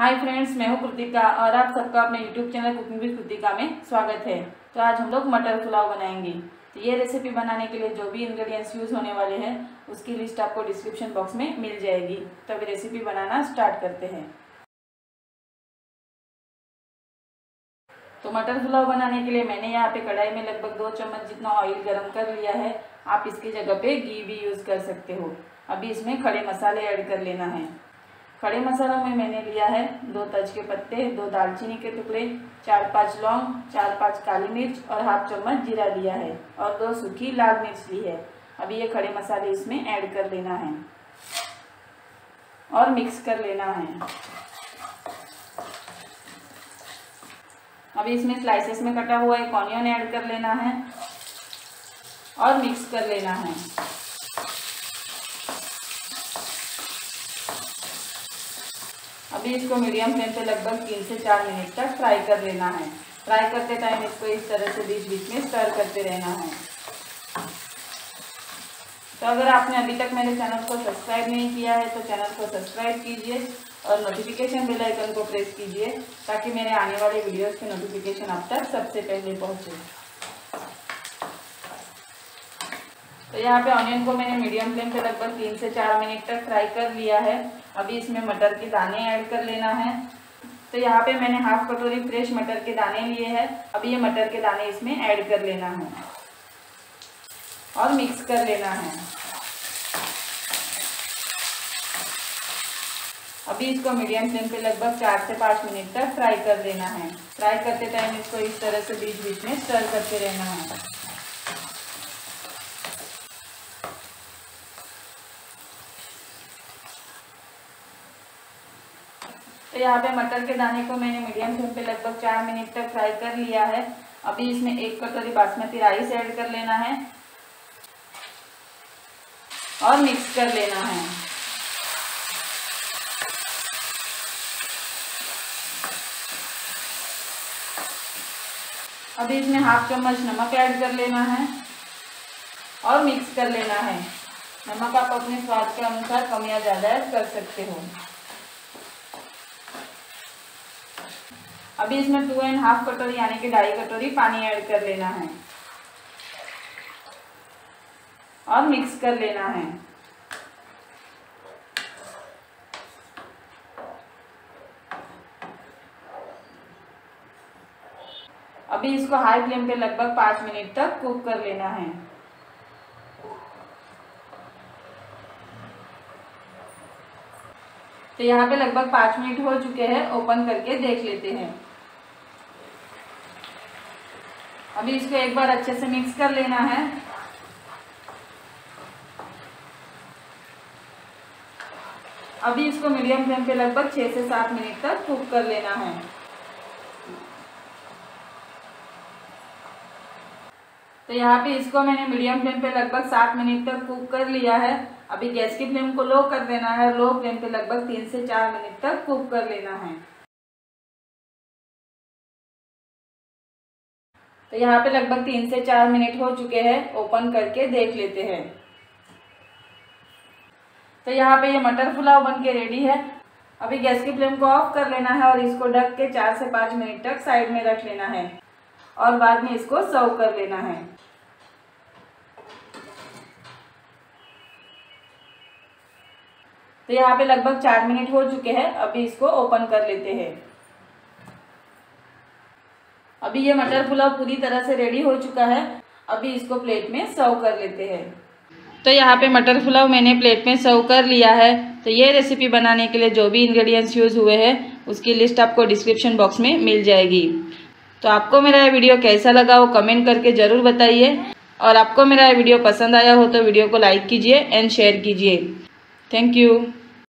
हाय friends मैं हूँ कृतिका और आप सबका अपने YouTube channel cooking with Kritika में स्वागत है तो आज हम लोग मटर पुलाव बनाएंगे तो ये रेसिपी बनाने के लिए जो भी इंग्रेडिएंट्स यूज़ होने वाले हैं उसकी लिस्ट आपको डिस्क्रिप्शन बॉक्स में मिल जाएगी तो अभी रेसिपी बनाना स्टार्ट करते हैं तो मटर पुलाव बनाने के लिए मैंने यहाँ पे कढ़ाई में लगभग दो चम्मच जितना ऑयल गर्म कर लिया है आप इसकी जगह पे घी भी यूज़ कर सकते हो अभी इसमें खड़े मसाले ऐड कर लेना है खड़े मसालों में मैंने लिया है दो तज के पत्ते दो दालचीनी के टुकड़े चार पांच लौंग चार पांच काली मिर्च और हाफ चम्मच जीरा लिया है और दो सूखी लाल मिर्च ली है अभी ये खड़े मसाले इसमें ऐड कर लेना है और मिक्स कर लेना है अभी इसमें स्लाइसेस में कटा हुआ एक ऑनियन ऐड कर लेना है और मिक्स कर लेना है अभी इसको मीडियम फ्लेम पे लगभग तीन से चार मिनट तक फ्राई कर लेना है फ्राई करते टाइम इसको इस तरह से बीच बीच में स्टर करते रहना है तो अगर आपने अभी तक मेरे चैनल को सब्सक्राइब नहीं किया है तो चैनल को सब्सक्राइब कीजिए और नोटिफिकेशन बेल आइकन को प्रेस कीजिए ताकि मेरे आने वाले वीडियोस के नोटिफिकेशन आप तक सबसे पहले पहुंचे तो यहाँ पे ऑनियन को मैंने मीडियम फ्लेम पे लगभग तीन से चार मिनट तक फ्राई कर लिया है अभी इसमें मटर के दाने ऐड कर लेना है तो यहाँ पे मैंने हाफ कटोरी फ्रेश मटर के दाने लिए हैं अभी ये मटर के दाने इसमें ऐड कर लेना है और मिक्स कर लेना है अभी इसको मीडियम फ्लेम पे लगभग चार से पाँच मिनट तक फ्राई कर देना है फ्राई करते टाइम इसको इस तरह से बीच बीच में स्टर करते रहना है तो यहाँ पे मटर के दाने को मैंने मीडियम फ्लेम पे लगभग चार मिनट तक फ्राई कर लिया है अभी इसमें एक कटोरी बासमती राइस ऐड कर लेना है और मिक्स कर लेना है अभी इसमें हाफ चम्मच नमक ऐड कर लेना है और मिक्स कर लेना है नमक आप अपने स्वाद के अनुसार कम या ज़्यादा कर सकते हो अभी इसमें टू एंड हाफ कटोरी यानी कि ढाई कटोरी पानी ऐड कर लेना है और मिक्स कर लेना है अभी इसको हाई फ्लेम पे लगभग पांच मिनट तक कुक कर लेना है तो यहाँ पे लगभग पांच मिनट हो चुके हैं ओपन करके देख लेते हैं अभी इसको एक बार अच्छे से मिक्स कर लेना है अभी इसको मीडियम फ्लेम पे लगभग छह से सात मिनट तक कुक कर लेना है तो यहाँ पे इसको मैंने मीडियम फ्लेम पे लगभग सात मिनट तक कुक कर लिया है अभी गैस की फ्लेम को लो कर देना है लो फ्लेम पे लगभग तीन से चार मिनट तक कुक कर लेना है तो यहाँ पे लगभग तीन से चार मिनट हो चुके हैं ओपन करके देख लेते हैं तो यहाँ पे ये मटर पुलाव बन के रेडी है अभी गैस की फ्लेम को ऑफ कर लेना है और इसको ढक के चार से पाँच मिनट तक साइड में रख लेना है और बाद में इसको सर्व कर लेना है तो यहाँ पे लगभग चार मिनट हो चुके हैं अभी इसको ओपन कर लेते हैं अभी ये मटर पुलाव पूरी तरह से रेडी हो चुका है अभी इसको प्लेट में सर्व कर लेते हैं तो यहाँ पे मटर पुलाव मैंने प्लेट में सर्व कर लिया है तो ये रेसिपी बनाने के लिए जो भी इंग्रेडिएंट्स यूज़ हुए हैं उसकी लिस्ट आपको डिस्क्रिप्शन बॉक्स में मिल जाएगी तो आपको मेरा ये वीडियो कैसा लगा वो कमेंट करके ज़रूर बताइए और आपको मेरा ये वीडियो पसंद आया हो तो वीडियो को लाइक कीजिए एंड शेयर कीजिए थैंक यू